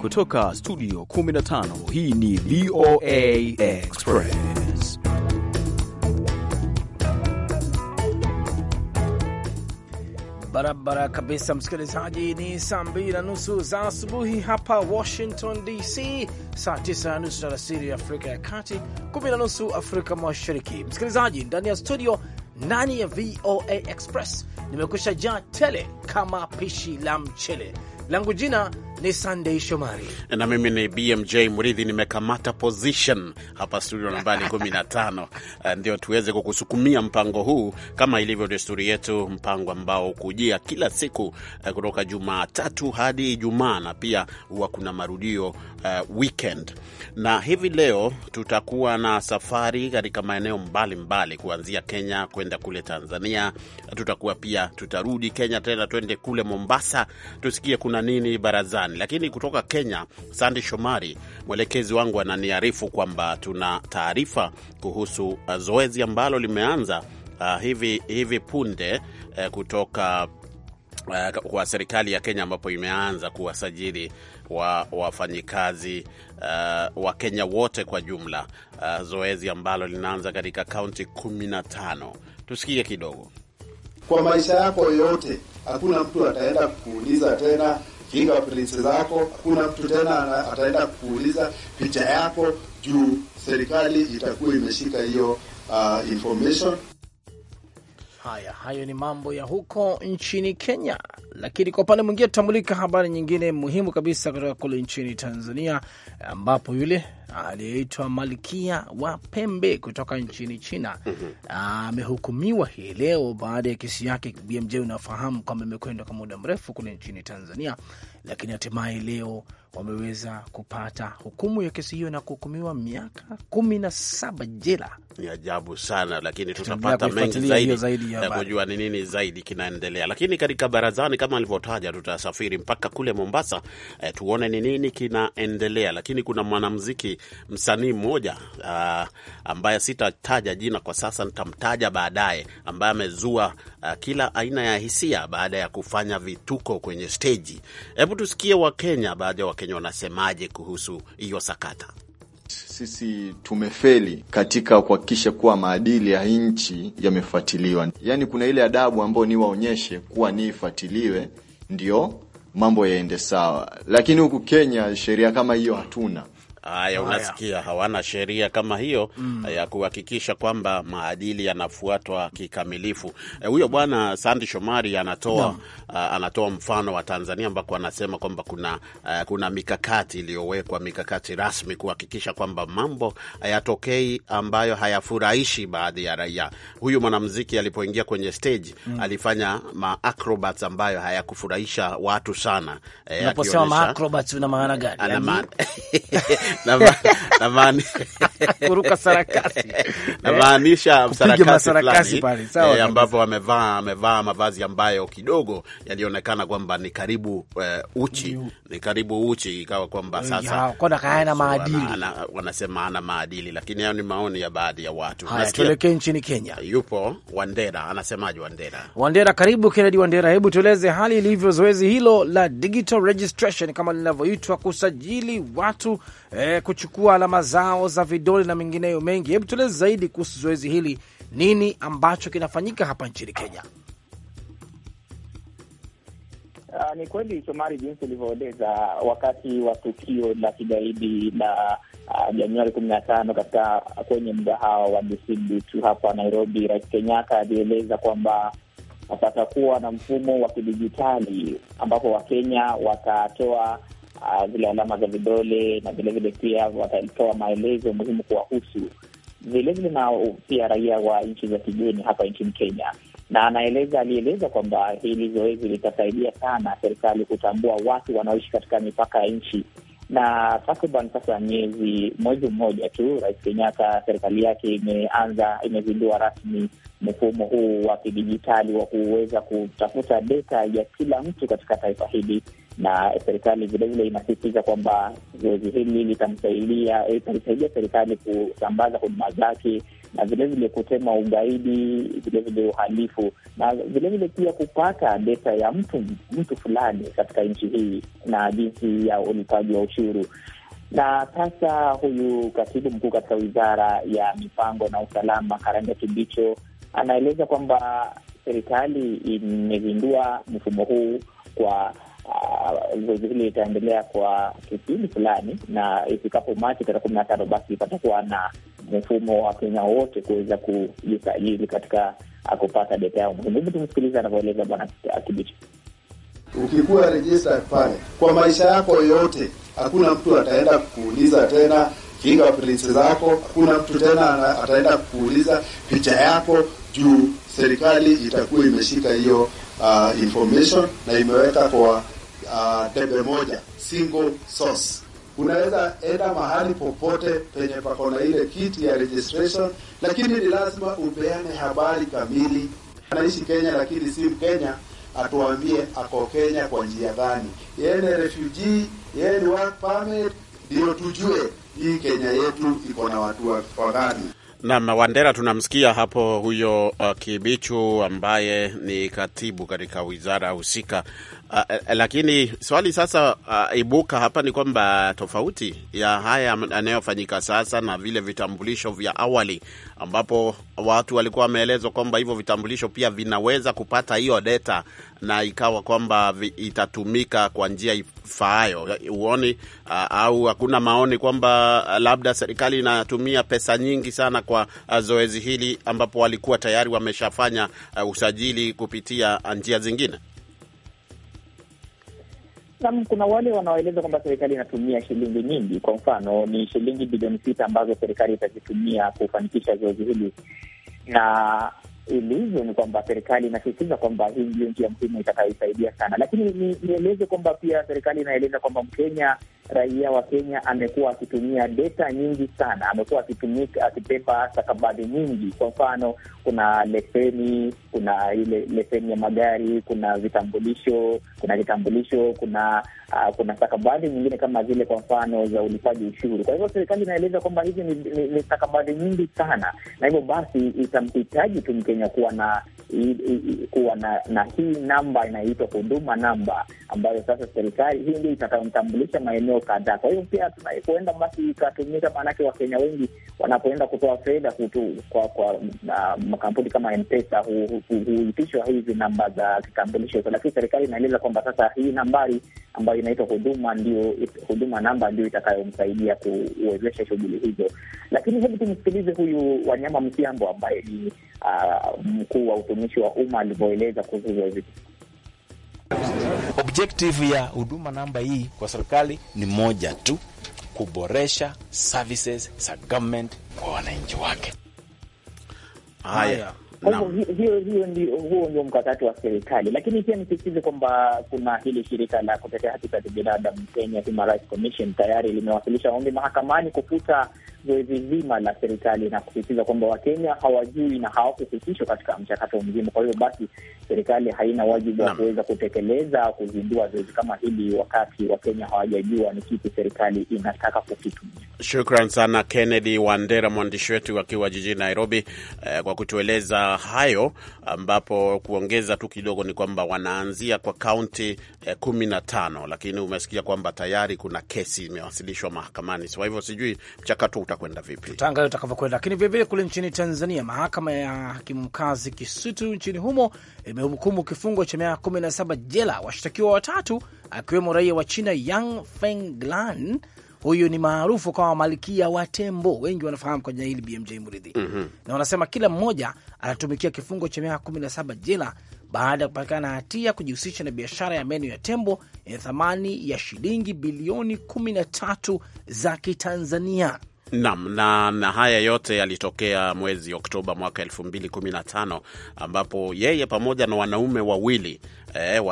Kutoka studio 15 hii ni VOA Express. Barabara kabisa, msikilizaji. Ni saa mbili na nusu za asubuhi hapa Washington DC, saa tisa na nusu alasiri ya Afrika ya Kati, kumi na nusu Afrika Mashariki. Msikilizaji ndani ya studio ndani ya VOA Express nimekusha jaa tele kama pishi la mchele langu jina ni Sunday Shomari na mimi ni BMJ Mridhi. Nimekamata position hapa studio nambari 15 eh, ndio tuweze kukusukumia mpango huu kama ilivyo desturi yetu, mpango ambao kujia kila siku eh, kutoka Jumatatu hadi Ijumaa na pia huwa kuna marudio uh, weekend. Na hivi leo tutakuwa na safari katika maeneo mbalimbali kuanzia Kenya kwenda kule Tanzania. Tutakuwa pia tutarudi Kenya tena twende kule Mombasa tusikie kuna nini barazani Marekani. Lakini kutoka Kenya, Sandi Shomari mwelekezi wangu ananiarifu kwamba tuna taarifa kuhusu uh, zoezi ambalo limeanza uh, hivi, hivi punde uh, kutoka uh, kwa serikali ya Kenya ambapo imeanza kuwasajili wa wafanyikazi uh, wa Kenya wote kwa jumla uh, zoezi ambalo linaanza katika kaunti 15. Tusikie kidogo. Kwa maisha yako yote, hakuna mtu ataenda kuuliza tena kinga zako, hakuna mtu tena ataenda kuuliza picha yako, juu serikali itakuwa imeshika hiyo uh, information. Haya, hayo ni mambo ya huko nchini Kenya, lakini kwa upande mwingine tutamulika habari nyingine muhimu kabisa kutoka kule nchini Tanzania, ambapo yule aliyeitwa Malkia wa Pembe kutoka nchini China amehukumiwa hii leo baada ya kesi yake. BMJ, unafahamu kwamba imekwenda kwa muda mrefu kule nchini Tanzania, lakini hatimaye leo wameweza kupata hukumu ya kesi hiyo na kuhukumiwa miaka kumi na saba jela. Ni ajabu sana, lakini tutapata mengi zaidi, zaidi ya kujua ni nini zaidi kinaendelea. Lakini katika barazani, kama alivyotaja, tutasafiri mpaka kule Mombasa eh, tuone ni nini kinaendelea. Lakini kuna mwanamuziki msanii mmoja uh, ambaye sitataja jina kwa sasa, nitamtaja baadaye, ambaye amezua uh, kila aina ya hisia baada ya kufanya vituko kwenye steji. Hebu tusikie Wakenya, baadhi ya Wakenya wanasemaje kuhusu hiyo sakata. Sisi tumefeli katika kuhakikisha kuwa maadili ya nchi yamefuatiliwa. Yaani, kuna ile adabu ambayo ni waonyeshe kuwa ni ifuatiliwe, ndio mambo yaende sawa, lakini huku Kenya sheria kama hiyo hatuna. Haya, unasikia hawana sheria kama hiyo mm. Eh, ya kuhakikisha kwamba maadili yanafuatwa kikamilifu. Eh, huyo e, bwana Sandi Shomari anatoa no. uh, ah, anatoa mfano wa Tanzania ambako anasema kwamba kuna uh, kuna mikakati iliyowekwa, mikakati rasmi kuhakikisha kwamba mambo hayatokei ambayo hayafurahishi baadhi ya raia. Huyu mwanamuziki alipoingia kwenye stage mm. alifanya maacrobats ambayo hayakufurahisha watu sana. E, una maana gani? namaanisha sarakasi eh, fulani eh, ambapo amevaa amevaa mavazi ambayo kidogo yalionekana kwamba ni karibu e, uchi ni karibu uchi, ikawa kwamba sasa wanasema ana maadili, lakini hayo ni maoni ya baadhi ya watu. Tuelekee nchini Kenya, yupo Wandera. Anasemaje Wandera? Wandera, karibu Kennedy Wandera, hebu tueleze hali ilivyo zoezi hilo la digital registration kama linavyoitwa kusajili watu e, eh, kuchukua alama zao za vidole na mengineyo mengi. Hebu tueleze zaidi kuhusu zoezi hili, nini ambacho kinafanyika hapa nchini Kenya? Uh, ni kweli Shomari, jinsi ulivyoeleza, wakati wa tukio la kigaidi la uh, Januari kumi na tano katika kwenye mgahawa wa Dusibutu hapa Nairobi, Rais Kenyatta alieleza kwamba patakuwa na mfumo wa kidijitali ambapo Wakenya watatoa zile ah, alama za vidole, na vilevile pia watatoa maelezo muhimu kuwahusu vilevile na pia raia wa nchi za kigeni hapa nchini Kenya. Na anaeleza alieleza kwamba hili zoezi litasaidia sana serikali kutambua watu wanaoishi katika mipaka ya nchi. Na takriban sasa miezi mwezi mmoja tu, Rais Kenyatta serikali yake imeanza imezindua rasmi mfumo huu wa kidijitali wa kuweza kutafuta data ya kila mtu katika taifa hili na serikali vilevile inasisitiza kwamba zoezi hili litamsaidia eh, italisaidia serikali kusambaza huduma zake na vilevile kutema ugaidi, vilevile uhalifu na vilevile pia kupata data ya mtu mtu fulani katika nchi hii na jinsi ya ulipaji wa ushuru. Na sasa huyu katibu mkuu katika wizara ya mipango na usalama Karanja Kibicho anaeleza kwamba serikali imezindua mfumo huu kwa zoezi uh, hili itaendelea kwa kipindi fulani, na ifikapo Machi tarehe kumi na tano basi patakuwa na mfumo wa Kenya wote kuweza kujisajili katika uh, kupata data yao muhimu. Hivi tumsikiliza anavyoeleza Bwana Kibichi. Ukikuwa register pale kwa maisha yako yote, hakuna mtu ataenda kukuuliza tena fingerprints zako, hakuna mtu tena ataenda kukuuliza picha yako, juu serikali itakuwa imeshika hiyo uh, information na imeweka kwa Uh, tembe moja single source. Unaweza enda mahali popote penye pako na ile kiti ya registration, lakini ni lazima upeane habari kamili. Anaishi Kenya lakini si Mkenya, atuambie ako Kenya kwa njia gani? Yeye ni refugee, yeye ni work permit, ndio tujue hii Kenya yetu iko na watu wa gani. Nam Wandera, tunamsikia hapo huyo uh, Kibichu ambaye ni katibu katika wizara husika Uh, lakini swali sasa uh, ibuka hapa ni kwamba tofauti ya haya yanayofanyika sasa na vile vitambulisho vya awali, ambapo watu walikuwa wameelezwa kwamba hivyo vitambulisho pia vinaweza kupata hiyo data na ikawa kwamba itatumika kwa njia ifaayo. Uoni uh, ah, au hakuna maoni kwamba labda serikali inatumia pesa nyingi sana kwa zoezi hili, ambapo walikuwa tayari wameshafanya uh, usajili kupitia njia zingine. Naam, kuna wale wanaoeleza kwamba serikali inatumia shilingi nyingi. Kwa mfano ni shilingi bilioni sita ambazo serikali itazitumia kufanikisha zoezi hili na ilivyo ni kwamba serikali inasisitiza kwamba hii ndio njia muhimu itakayosaidia sana, lakini nieleze ni kwamba pia serikali inaeleza kwamba Mkenya, raia wa Kenya amekuwa akitumia data nyingi sana, amekuwa akipepa stakabadhi nyingi. Kwa mfano, kuna leseni, kuna ile leseni ya magari, kuna vitambulisho, kuna vitambulisho, kuna uh, kuna stakabadhi nyingine kama zile kwa mfano za ulipaji ushuru. Kwa hivyo serikali inaeleza kwamba hizi ni, ni, ni stakabadhi nyingi sana, na hivyo basi itamhitaji tu Mkenya Kenya kuwa na kuwa na, na hii namba inaitwa huduma namba ambayo sasa serikali hii ndio itakayomtambulisha maeneo kadhaa. Kwa hiyo pia tunapoenda basi ikatumika, maanake Wakenya wengi wanapoenda kutoa fedha kwa kwa na, makampuni kama hu, hu, huitishwa hizi namba za kitambulisho, lakini serikali inaeleza kwamba sasa hii nambari ambayo inaitwa huduma ndio huduma namba ndio itakayomsaidia kuwezesha shughuli hizo. Lakini hebu tumsikilize huyu Wanyama Msiambo ambaye ni uh, mkuu wa utumishi wa umma alivyoeleza kuhusu zoezi. Objective ya huduma namba hii kwa serikali ni moja tu, kuboresha services za government kwa wananchi wake. Haya. Kwa hivyo hiyo hiyo ndio huo ndio mkakati wa serikali, lakini pia nisisitize kwamba kuna hili shirika la kutetea haki za kibinadamu Kenya Human Rights Commission tayari limewasilisha ombi mahakamani kufuta zoezi zima la serikali na kusisitiza kwamba Wakenya hawajui na hawakuhusishwa katika mchakato mzima. Kwa hiyo basi serikali haina wajibu wa kuweza kutekeleza kuzindua zoezi kama hili wakati Wakenya hawajajua ni kipi serikali inataka kukitumia. Shukran sana Kennedy Wandera, mwandishi wetu akiwa jijini Nairobi, eh, kwa kutueleza hayo, ambapo kuongeza tu kidogo ni kwamba wanaanzia kwa kaunti eh, kumi na tano, lakini umesikia kwamba tayari kuna kesi imewasilishwa mahakamani, kwa hivyo sijui mchakato itakwenda vipi, tutaangalia utakavyokwenda. Lakini vilevile kule nchini Tanzania, mahakama ya hakimu mkazi Kisutu nchini humo imehukumu kifungo cha miaka kumi na saba jela washtakiwa watatu, akiwemo raia wa China Yang Fenglan. Huyu ni maarufu kama malkia wa tembo, wengi wanafahamu kwa jina hili BMJ Mridhi. mm -hmm. Na wanasema kila mmoja anatumikia kifungo cha miaka 17 jela baada ya kupatikana na hatia kujihusisha na biashara ya meno ya tembo yenye thamani ya shilingi bilioni 13 za Kitanzania. Nam na, na haya yote yalitokea mwezi Oktoba mwaka 2015 ambapo yeye pamoja na wanaume wawili eh, uh,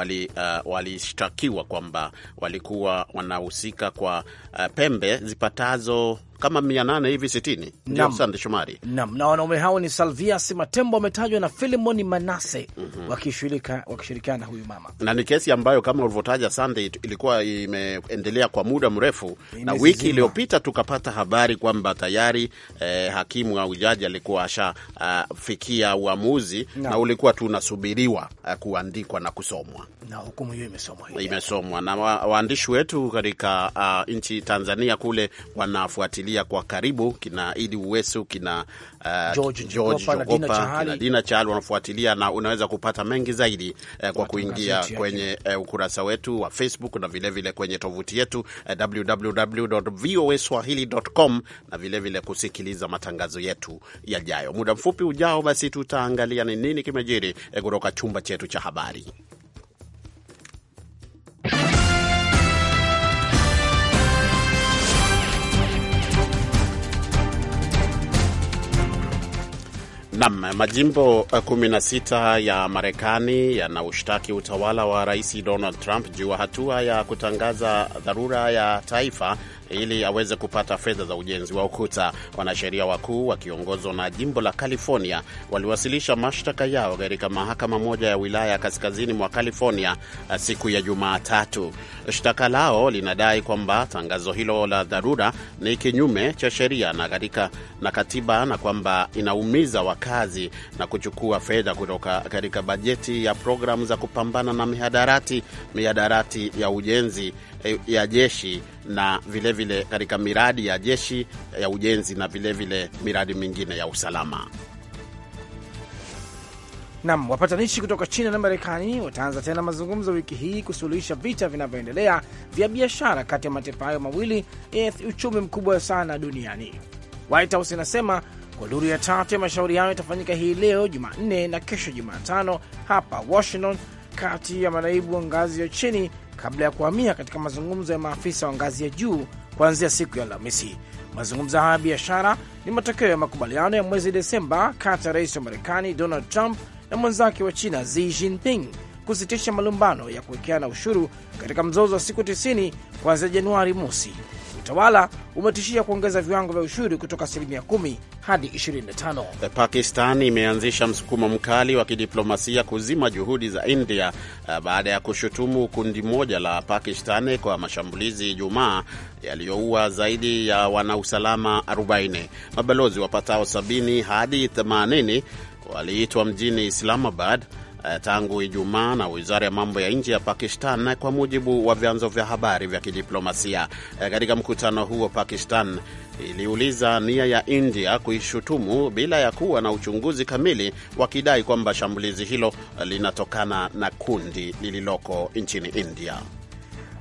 walishtakiwa uh, wali kwamba walikuwa wanahusika kwa uh, pembe zipatazo kama mia nane hivi sitini. Ndio, asante Shomari. Naam, na wanaume hao ni Salvias Matembo ametajwa na Filimoni Manase mm -hmm. wakishirika wakishirikiana huyu mama, na ni kesi ambayo kama ulivyotaja Sunday ilikuwa imeendelea kwa muda mrefu Ine na wiki iliyopita tukapata habari kwamba tayari eh, hakimu au jaji alikuwa ashafikia ah, uh, uamuzi na, na ulikuwa tu unasubiriwa uh, kuandikwa na kusomwa na hukumu hiyo imesomwa imesomwa na wa, waandishi wetu katika uh, nchi Tanzania kule wanafuatilia kufuatilia kwa karibu, kina Idi Uwesu, kina uh, George Jogopa, kina Dina Chali wanafuatilia, na unaweza kupata mengi zaidi eh, kwa kuingia kwenye eh, ukurasa wetu wa Facebook na vilevile vile kwenye tovuti yetu eh, www.voaswahili.com na vilevile vile kusikiliza matangazo yetu yajayo. Muda mfupi ujao, basi tutaangalia ni nini kimejiri kutoka chumba chetu cha habari. Nam, majimbo 16 eh, ya Marekani yanaushtaki utawala wa Rais Donald Trump juu ya hatua ya kutangaza dharura ya taifa ili aweze kupata fedha za ujenzi wa ukuta. Wanasheria wakuu wakiongozwa na jimbo la California waliwasilisha mashtaka yao katika mahakama moja ya wilaya ya kaskazini mwa California eh, siku ya Jumatatu. Shtaka lao linadai kwamba tangazo hilo la dharura ni kinyume cha sheria na katika na katiba na kwamba inaumiza wakazi na kuchukua fedha kutoka katika bajeti ya programu za kupambana na mihadarati, mihadarati ya ujenzi eh, ya jeshi na vilevile vile katika miradi ya jeshi ya ujenzi na vilevile vile miradi mingine ya usalama. Nam, wapatanishi kutoka China na Marekani wataanza tena mazungumzo wiki hii kusuluhisha vita vinavyoendelea vya biashara kati ya mataifa hayo mawili yenye uchumi mkubwa sana duniani. White House inasema kwa duru ya tatu ya mashauri hayo itafanyika hii leo Jumanne na kesho Jumatano hapa Washington, kati ya manaibu wa ngazi ya chini kabla ya kuhamia katika mazungumzo ya maafisa wa ngazi ya juu kuanzia siku ya Alhamisi. Mazungumzo haya ya biashara ni matokeo ya makubaliano ya mwezi Desemba kati ya rais wa Marekani Donald Trump na mwenzake wa China Xi Jinping kusitisha malumbano ya kuwekeana ushuru katika mzozo wa siku 90 kuanzia Januari mosi Utawala umetishia kuongeza viwango vya ushuru kutoka asilimia 10 hadi 25. Pakistan imeanzisha msukumo mkali wa kidiplomasia kuzima juhudi za India uh, baada ya kushutumu kundi moja la Pakistan kwa mashambulizi Ijumaa yaliyoua zaidi ya wanausalama 40. Mabalozi wapatao 70 hadi 80 waliitwa mjini Islamabad Eh, tangu Ijumaa na wizara ya mambo ya nje ya Pakistan, kwa mujibu wa vyanzo vya habari vya kidiplomasia. Eh, katika mkutano huo, Pakistan iliuliza nia ya India kuishutumu bila ya kuwa na uchunguzi kamili, wakidai kwamba shambulizi hilo linatokana na kundi lililoko nchini India.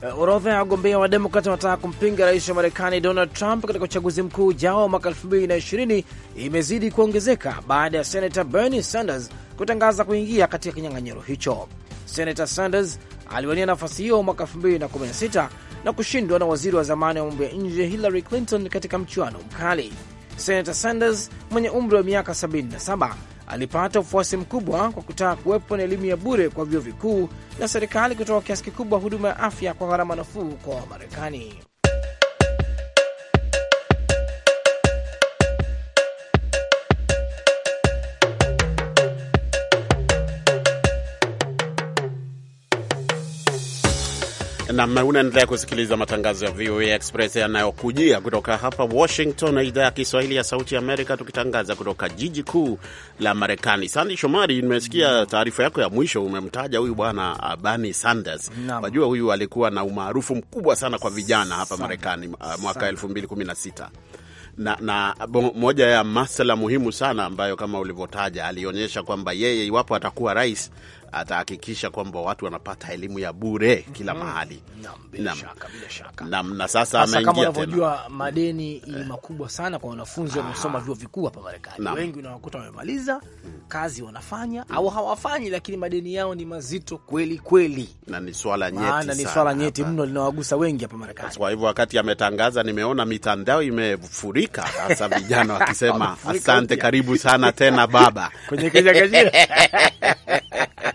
Eh, orodha ya wagombea wa Demokrat wanataka kumpinga rais wa Marekani Donald Trump katika uchaguzi mkuu ujao mwaka 2020 imezidi kuongezeka baada ya senata Bernie Sanders kutangaza kuingia katika kinyang'anyiro hicho. Senata Sanders aliwania nafasi hiyo mwaka 2016 na kushindwa na waziri wa zamani wa mambo ya nje Hillary Clinton katika mchuano mkali. Senata Sanders mwenye umri wa miaka 77 alipata ufuasi mkubwa kwa kutaka kuwepo na elimu ya bure kwa vyuo vikuu na serikali kutoa kiasi kikubwa huduma ya afya kwa gharama nafuu kwa Wamarekani. Nam, unaendelea kusikiliza matangazo ya VOA Express yanayokujia kutoka hapa Washington, idhaa ya Kiswahili ya Sauti ya Amerika, tukitangaza kutoka jiji kuu la Marekani. Sandi Shomari, nimesikia taarifa yako ya mwisho, umemtaja huyu bwana uh, Bani Sanders. Wajua huyu alikuwa na umaarufu mkubwa sana kwa vijana hapa Marekani uh, mwaka 2016 na, na moja ya masala muhimu sana ambayo kama ulivyotaja alionyesha kwamba yeye iwapo atakuwa rais atahakikisha kwamba watu wanapata elimu ya bure kila mhm. mahali. Naam, na sasa ameingiaunavojua tena. madeni ni eh. makubwa sana kwa wanafunzi wanaosoma ah. vyuo vikuu hapa Marekani. Wengi unawakuta wamemaliza hmm. kazi wanafanya hmm. au hawafanyi, lakini madeni yao ni mazito kweli kweli, na ni swala nyeti sana, ni swala nyeti mno linawagusa wengi hapa Marekani. Kwa hivyo wakati ametangaza, nimeona mitandao imefurika hasa vijana wakisema asante, karibu sana tena baba kwenye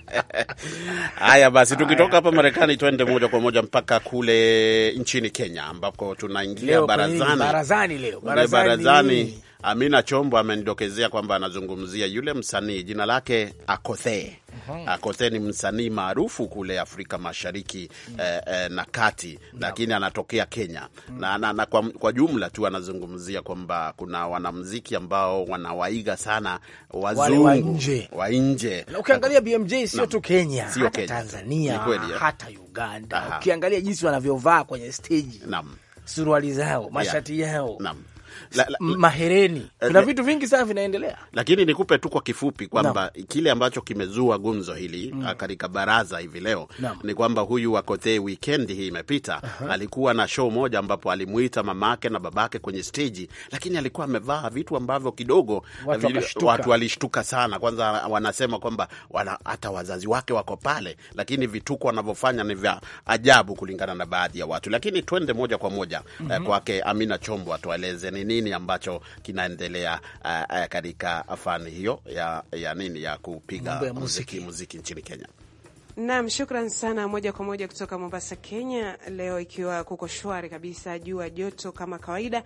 Haya basi, tukitoka hapa Marekani tuende moja kwa moja mpaka kule nchini Kenya ambako tunaingia barazani. Barazani leo, barazani, barazani. Amina Chombo amenidokezea kwamba anazungumzia yule msanii jina lake akothee Akothe ni msanii maarufu kule Afrika Mashariki mm. eh, eh, na kati, lakini anatokea Kenya mm. na, na, na kwa, kwa jumla tu anazungumzia kwamba kuna wanamziki ambao wanawaiga sana wazungu wa nje. Ukiangalia BMJ sio tu Kenya, sio hata Kenya. Tanzania eh. hata Uganda, ukiangalia jinsi wanavyovaa kwenye steji, suruali zao, mashati yao Naam la, la, mahereni, eh, kuna vitu vingi sana vinaendelea, lakini nikupe tu kwa kifupi kwamba no. kile ambacho kimezua gumzo hili mm. Ah, katika baraza hivi leo no. ni kwamba huyu Wakothee weekend hii imepita uh -huh. alikuwa na show moja ambapo alimuita mamake na babake kwenye stage, lakini alikuwa amevaa vitu ambavyo kidogo watu walishtuka sana. Kwanza wanasema kwamba wana, hata wazazi wake wako pale, lakini vituko wanavyofanya ni vya ajabu kulingana na baadhi ya watu. Lakini twende moja kwa moja mm -hmm. kwake Amina Chombo atueleze ni nini ambacho kinaendelea uh, uh, katika fani hiyo ya, ya nini ya kupiga muziki, muziki, muziki nchini Kenya. Naam, shukran sana. Moja kwa moja kutoka Mombasa, Kenya. Leo ikiwa kuko shwari kabisa, jua joto kama kawaida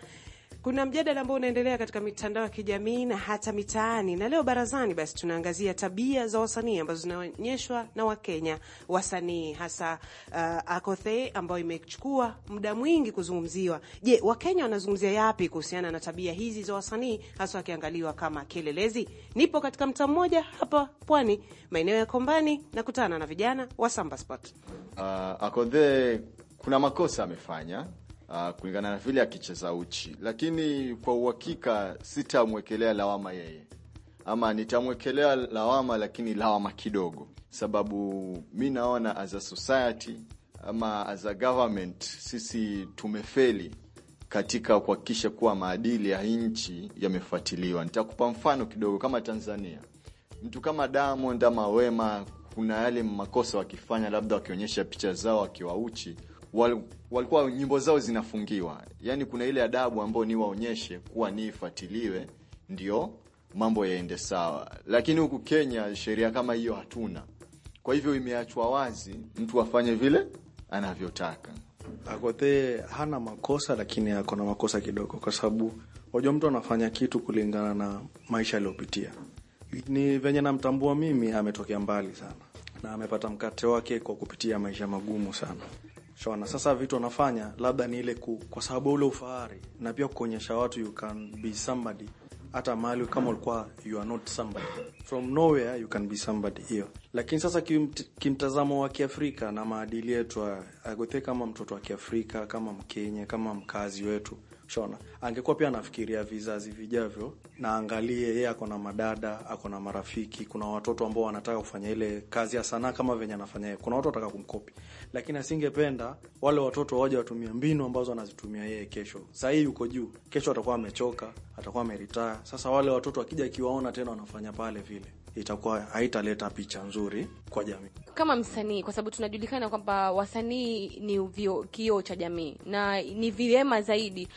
kuna mjadala ambao unaendelea katika mitandao ya kijamii na hata mitaani, na leo barazani, basi tunaangazia tabia za wasanii ambazo zinaonyeshwa na Wakenya wasanii, hasa uh, Akothe ambayo imechukua muda mwingi kuzungumziwa. Je, Wakenya wanazungumzia yapi kuhusiana na tabia hizi za wasanii, hasa wakiangaliwa kama kielelezi? Nipo katika mtaa mmoja hapa Pwani, maeneo ya Kombani, nakutana na vijana wa Samba Sport. Uh, Akothe kuna makosa amefanya uh, kulingana na vile akicheza uchi, lakini kwa uhakika sitamwekelea lawama yeye, ama nitamwekelea lawama, lakini lawama kidogo, sababu mi naona as a society ama as a government sisi tumefeli katika kuhakikisha kuwa maadili ya nchi yamefuatiliwa. Nitakupa mfano kidogo, kama Tanzania, mtu kama Diamond ama Wema, kuna yale makosa wakifanya, labda wakionyesha picha zao wakiwa uchi, walikuwa nyimbo zao zinafungiwa. Yaani kuna ile adabu ambayo ni waonyeshe kuwa ni ifuatiliwe ndio mambo yaende sawa, lakini huku Kenya sheria kama hiyo hatuna. Kwa hivyo imeachwa wazi mtu afanye vile anavyotaka. Akothee hana makosa, lakini ako na makosa kidogo, kwa sababu wajua mtu anafanya kitu kulingana na maisha aliyopitia. Ni venye namtambua mimi, ametokea mbali sana na amepata mkate wake kwa kupitia maisha magumu sana. Shona, sasa vitu wanafanya labda ni ile ku, kwa sababu ule ufahari na pia kuonyesha watu you can be somebody hata mahali kama ulikuwa you are not somebody from nowhere you can be somebody hiyo. Lakini sasa kimtazamo wa Kiafrika na maadili yetu, agothe kama mtoto wa Kiafrika, kama Mkenya, kama mkazi wetu Shona angekuwa pia anafikiria vizazi vijavyo, na angalie yeye ako na madada, ako na marafiki, kuna watoto ambao wanataka kufanya ile kazi ya sanaa kama venye anafanya yeye. Kuna watu wanataka kumkopi, lakini asingependa wale watoto waje watumie mbinu ambazo anazitumia yeye kesho. Saa hii yuko juu, kesho atakuwa amechoka, atakuwa ameritaya. Sasa wale watoto akija akiwaona tena wanafanya pale vile itakuwa haitaleta picha nzuri kwa jamii kama msanii, kwa sababu tunajulikana kwamba wasanii ni kioo cha jamii, na ni vyema zaidi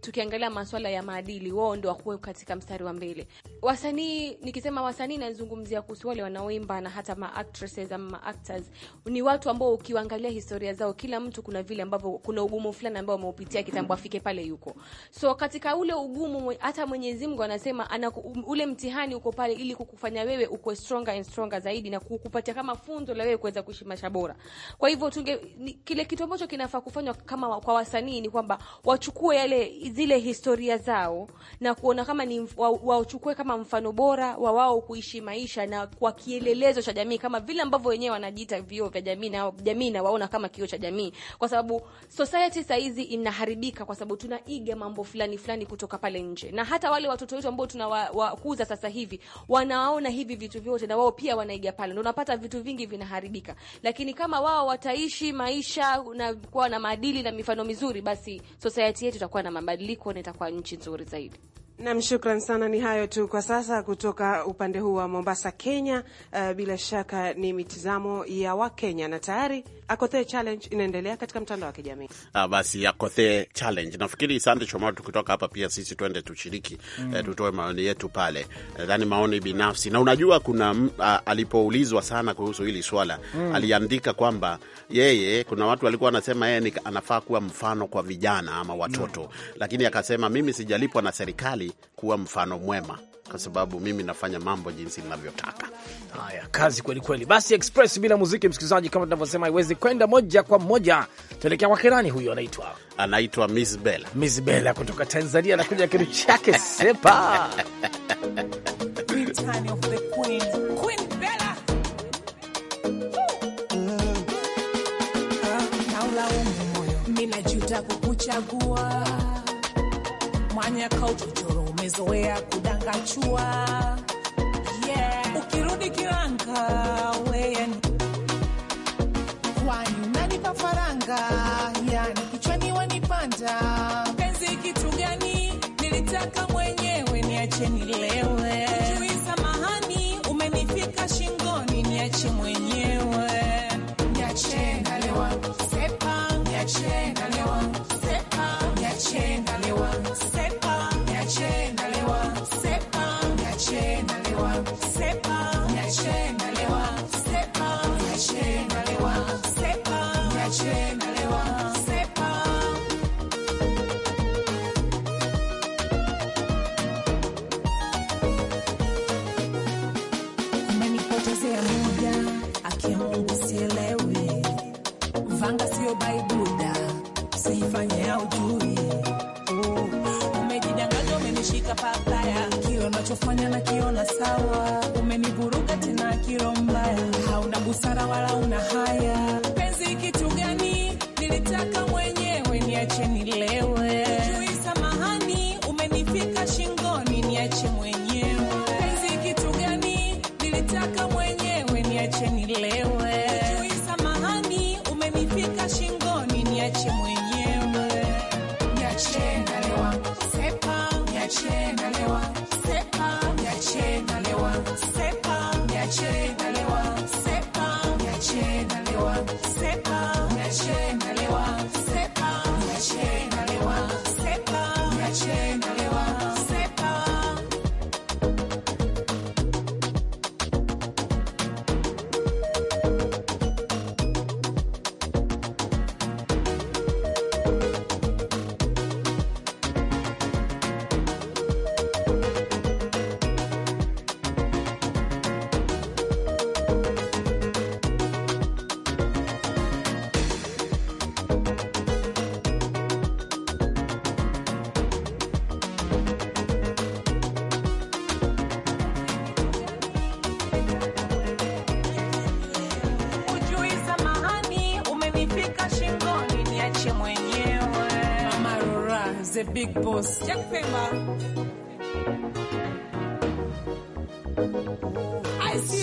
tukiangalia masuala ya maadili, wao ndio wakuwe katika mstari wa mbele wasanii nikisema wasanii nazungumzia kuhusu wale wanaoimba na hata ma actresses ama ma actors, Ni watu ambao ukiwaangalia historia zao, kila mtu kuna vile ambavyo kuna ugumu fulani ambao ameupitia kitambo afike pale yuko. So katika ule ugumu, hata Mwenyezi Mungu anasema ana ule mtihani uko pale ili kukufanya wewe uko stronger and stronger zaidi na kukupatia kama funzo la wewe kuweza kuishi maisha bora. Kwa hivyo tunge ni, kile kitu ambacho kinafaa kufanywa kama kwa wasanii ni kwamba wachukue yale zile historia zao na kuona kama ni wachukue wa kama kama mfano bora wa wao kuishi maisha na kwa kielelezo cha jamii, kama vile ambavyo wenyewe wanajiita vioo vya jamii na jamii nawaona kama kioo cha jamii, kwa sababu society saizi inaharibika kwa sababu tunaiga mambo fulani fulani kutoka pale nje, na hata wale watoto wetu ambao tunawakuza sasa hivi wanaona hivi vitu vyote, na wao pia wanaiga pale, ndio unapata vitu vingi vinaharibika. Lakini kama wao wataishi maisha na kuwa na maadili na mifano mizuri, basi society yetu itakuwa na mabadiliko na itakuwa nchi nzuri zaidi. Nam, shukran sana. Ni hayo tu kwa sasa kutoka upande huu wa Mombasa, Kenya. Uh, bila shaka ni mitizamo ya Wakenya na tayari Akothe Challenge inaendelea katika mtandao wa kijamii. Ah, basi Akothe Challenge nafikiri, sante Shomao, tukitoka hapa pia sisi twende tushiriki, mm. eh, tutoe maoni yetu pale, nadhani eh, maoni binafsi na unajua, kuna ah, alipoulizwa sana kuhusu hili swala mm. aliandika kwamba yeye, kuna watu walikuwa wanasema yeye anafaa kuwa mfano kwa vijana ama watoto mm. lakini akasema mimi sijalipwa na serikali kuwa mfano mwema kwa sababu mimi nafanya mambo jinsi ninavyotaka. Haya, kazi kweli kweli. Basi Express bila muziki, msikilizaji, kama tunavyosema haiwezi kwenda moja kwa moja. Tuelekea kwake nani huyo? Anaitwa anaitwa Miss Bella, Miss Bella kutoka Tanzania, anakuja kitu chake sepa umezoea chua yeah. Ukirudi kiranga weyani, kwani unanipa faranga yani kichwani wanipanda, penzi kitu gani? Nilitaka mwenyewe niache nilewe, sijui samahani, umenifika shingoni niache mwenyewe Sepa, the big boss Jack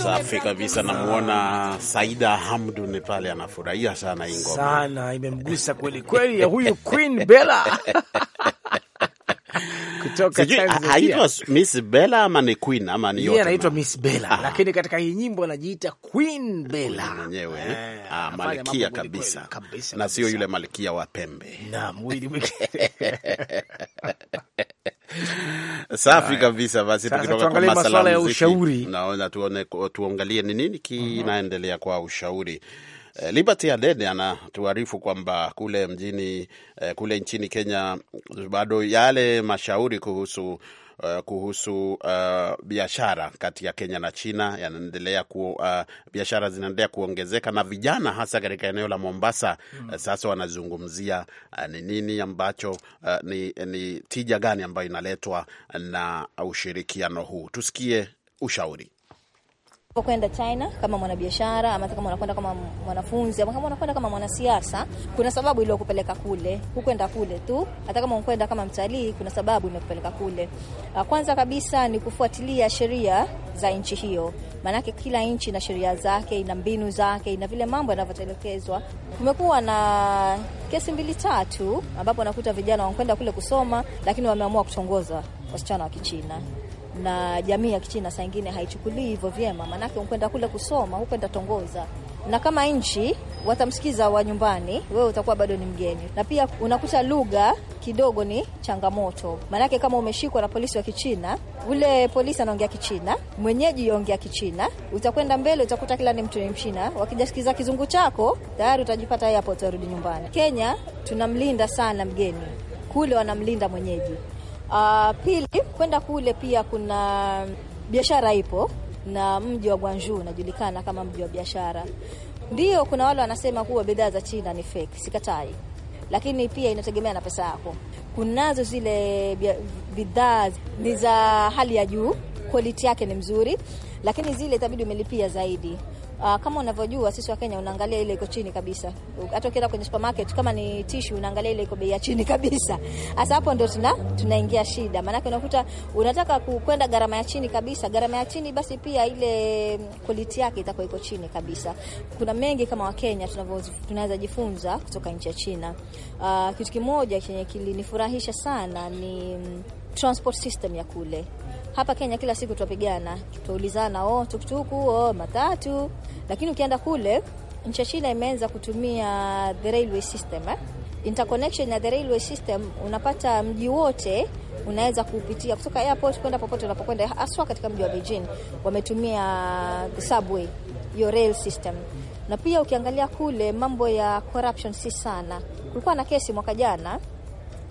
Safi kabisa, namwona Saida Hamdun pale anafurahia sana ingoma sana, imemgusa kweli kweli ya huyu Queen Bella kutoka Tanzania. Haitwa Miss Bella ama ni Queen ama ni yote. Yeye anaitwa Miss Bella, ah. lakini katika hii nyimbo anajiita Queen Bella. Mwenyewe eh? Eh, ah, malkia kabisa. Kabisa. Na sio yule malkia wa pembe. Naam, mwili mwingine. Safi kabisa. Basi tukitoka kwa masuala ya ushauri, naona tuone tuangalie ni nini mhm. kinaendelea kwa ushauri. Eh, Liberty Adede anatuarifu kwamba kule mjini eh, kule nchini Kenya bado yale mashauri kuhusu Uh, kuhusu uh, biashara kati ya Kenya na China yanaendelea ku, uh, biashara zinaendelea kuongezeka na vijana hasa katika eneo la Mombasa mm. Uh, sasa wanazungumzia uh, ni nini ambacho uh, ni, ni tija gani ambayo inaletwa na ushirikiano huu. Tusikie ushauri kwenda China kama mwanabiashara ama kama unakwenda kama mwanafunzi ama kama unakwenda kama mwanasiasa, kuna sababu iliyokupeleka kule. Hukwenda kule tu, hata kama unakwenda kama mtalii, kuna sababu imekupeleka kule. Ah, kwanza kabisa ni kufuatilia sheria za nchi hiyo, maanake kila nchi ina sheria zake, ina mbinu zake, ina vile mambo yanavyotelekezwa. Kumekuwa na kesi mbili tatu ambapo nakuta vijana wanakwenda kule kusoma, lakini wameamua kutongoza wasichana wa Kichina na jamii ya Kichina saa ingine haichukulii hivyo vyema, maanake ukwenda kule kusoma, ukwenda tongoza na kama nchi watamsikiza wa nyumbani, wewe utakuwa bado ni mgeni, na pia unakuta lugha kidogo ni changamoto, maanake kama umeshikwa na polisi wa Kichina, ule polisi anaongea Kichina, mwenyeji yaongea Kichina, utakwenda mbele, utakuta kila ni mtu ni Mchina. Wakijasikiza kizungu chako tayari utajipata hapo, utarudi nyumbani. Kenya tunamlinda sana mgeni, kule wanamlinda mwenyeji. Uh, pili kwenda kule pia kuna biashara ipo na mji wa gwanju unajulikana kama mji wa biashara. Ndio, kuna wale wanasema kuwa bidhaa za China ni fake, sikatai, lakini pia inategemea na pesa yako. Kunazo zile bidhaa ni za hali ya juu, quality yake ni mzuri, lakini zile itabidi umelipia zaidi. Uh, kama unavyojua sisi wa Kenya unaangalia ile iko chini kabisa. Hata ukienda kwenye supermarket kama ni tissue unaangalia ile iko bei ya chini kabisa. Sasa hapo ndio tuna tunaingia shida. Maana unakuta unataka kwenda gharama ya chini kabisa. Gharama ya chini basi pia ile mm, quality yake itakuwa iko chini kabisa. Kuna mengi kama wa Kenya tunaweza jifunza kutoka nchi ya China. Uh, kitu kimoja chenye kilinifurahisha sana ni mm, transport system ya kule. Hapa Kenya kila siku tuwapigana tuulizana oh, tuktuku oh, matatu. Lakini ukienda kule nchi ya China imeanza kutumia the railway system eh? interconnection na the railway system, unapata mji wote unaweza kupitia kutoka airport kwenda popote unapokwenda, haswa katika mji wa Beijing wametumia the subway, hiyo rail system. Na pia ukiangalia kule mambo ya corruption si sana, kulikuwa na kesi mwaka jana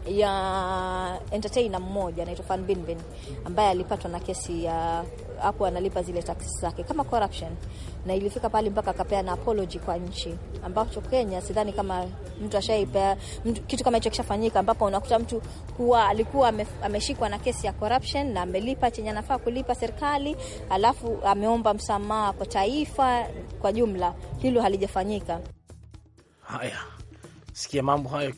ya entertainer mmoja anaitwa Fan Binbin ambaye alipatwa na kesi ya hapo analipa zile taksi zake kama corruption, na ilifika pale mpaka akapea na apology kwa nchi, ambacho Kenya sidhani kama mtu ashaipea kitu kama hicho kishafanyika, ambapo unakuta mtu kuwa alikuwa ameshikwa na kesi ya corruption na amelipa chenye anafaa kulipa serikali, alafu ameomba msamaha kwa taifa kwa jumla. Hilo halijafanyika. Haya, sikia mambo hayo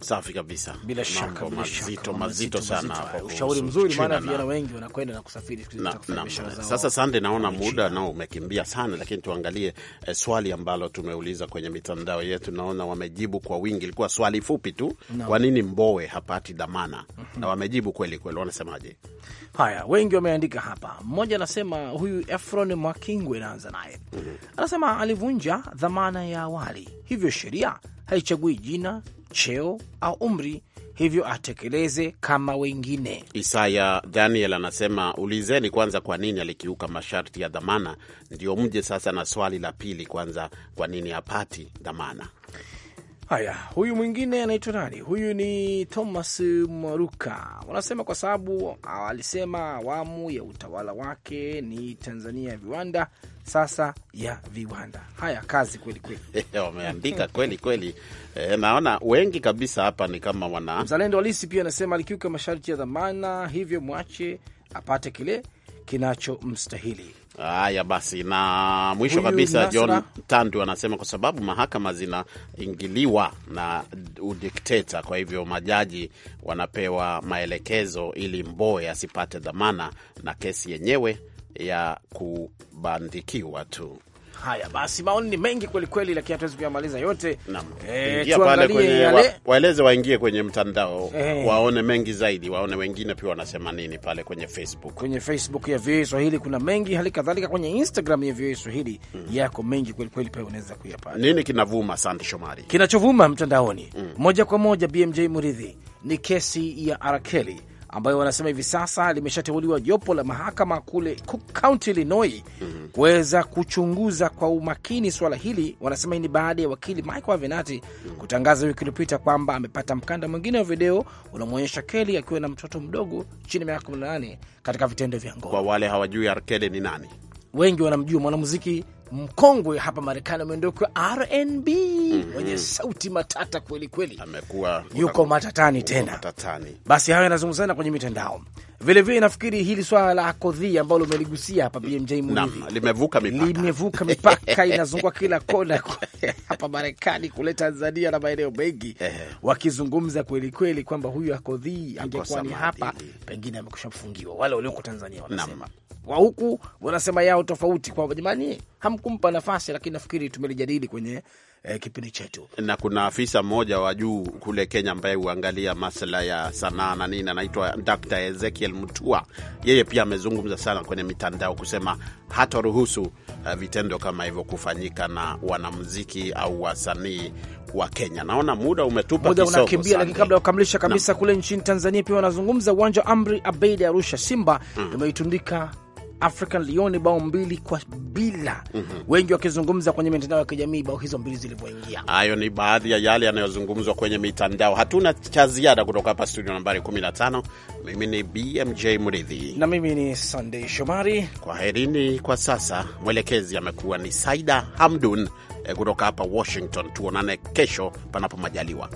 Safi kabisa, bila shaka mazito mazito mazito, mazito sana. hapo. Ushauri mzuri, maana vijana wengi wanakwenda na kusafiri na, na, sasa sande, naona muda nao umekimbia sana, lakini tuangalie eh, swali ambalo tumeuliza kwenye mitandao yetu, naona wamejibu kwa wingi. Ilikuwa swali fupi tu no. Kwa nini Mbowe hapati dhamana? mm -hmm. Na wamejibu kweli kweli, wanasemaje? Haya, wengi wameandika hapa. Mmoja anasema huyu Efron Mwakingwe, naanza naye mm -hmm. anasema alivunja dhamana ya awali, hivyo sheria haichagui jina cheo au umri, hivyo atekeleze kama wengine. Isaya Daniel anasema ulizeni kwanza kwa nini alikiuka masharti ya dhamana, ndio mje sasa na swali la pili kwanza, kwa nini apati dhamana? Haya, huyu mwingine anaitwa nani? Huyu ni Thomas Mwaruka. Wanasema kwa sababu ah, alisema awamu ya utawala wake ni Tanzania ya viwanda, sasa ya viwanda. Haya, kazi kweli kweli, wameandika kweli kweli. E, naona wengi kabisa hapa ni kama wana mzalendo halisi. Pia anasema alikiuka masharti ya dhamana, hivyo mwache apate kile kinachomstahili. Haya basi, na mwisho kabisa John Tandu anasema kwa sababu mahakama zinaingiliwa na udikteta, kwa hivyo majaji wanapewa maelekezo ili Mboe asipate dhamana na kesi yenyewe ya kubandikiwa tu. Haya basi, maoni ni mengi kweli kweli, lakini hatuwezi kuyamaliza yote. E, pale waeleze waingie kwenye mtandao e, waone mengi zaidi, waone wengine pia wanasema nini pale kwenye Facebook, kwenye Facebook ya VOA Swahili kuna mengi, hali kadhalika kwenye Instagram ya VOA Swahili mm, yako mengi kwelikweli kweli, pia unaweza kuyapata. Nini kinavuma, Sande Shomari, kinachovuma mtandaoni mm, moja kwa moja. BMJ Muridhi, ni kesi ya Arakeli ambayo wanasema hivi sasa limeshateuliwa jopo la mahakama kule Cook County, Illinois mm -hmm. kuweza kuchunguza kwa umakini swala hili. Wanasema hii ni baada ya wakili Michael Avenatti mm -hmm. kutangaza wiki iliyopita kwamba amepata mkanda mwingine wa video unamwonyesha Kelly akiwa na mtoto mdogo chini ya miaka 18 katika vitendo vya ngono. Kwa wale hawajui R. ni nani, wengi wanamjua mwanamuziki mkongwe hapa Marekani ameondoka RnB mm -hmm. mwenye sauti matata kweli kweli, amekuwa yuko matatani tena matatani. Basi hayo yanazungumzana kwenye mitandao Vilevile nafikiri hili swala la kodhi ambalo umeligusia hapa BMJ Murithi limevuka mipaka, limevuka mipaka inazungua kila kona hapa Marekani, kule Tanzania na maeneo mengi wakizungumza kweli kweli kwamba huyu akodhi angekuwa ni hapa pengine kufungiwa. Wale walioko Tanzania wanasema wa huku wanasema yao tofauti, kwa jamani, hamkumpa nafasi, lakini nafikiri tumelijadili kwenye eh, kipindi chetu. Na kuna afisa mmoja wa juu kule Kenya ambaye huangalia masuala ya sanaa na nini, anaitwa Dr. Ezekiel Mutua. Yeye pia amezungumza sana kwenye mitandao kusema hataruhusu uh, vitendo kama hivyo kufanyika na wanamuziki au wasanii wa Kenya. Naona muda umetupa muda unakimbia, lakini kabla ya kukamilisha kabisa na, kule nchini Tanzania pia wanazungumza uwanja wa Amri Abeid Arusha, Simba mm, imeitundika African Lion bao mbili kwa bila mm -hmm. Wengi wakizungumza kwenye mitandao ya kijamii bao hizo mbili zilivyoingia. Hayo ni baadhi ya yale yanayozungumzwa kwenye mitandao. Hatuna cha ziada kutoka hapa studio nambari 15. Mimi ni BMJ Mridhi na mimi ni Sunday Shomari. kwa herini kwa sasa. Mwelekezi amekuwa ni Saida Hamdun eh, kutoka hapa Washington. Tuonane kesho panapo majaliwa.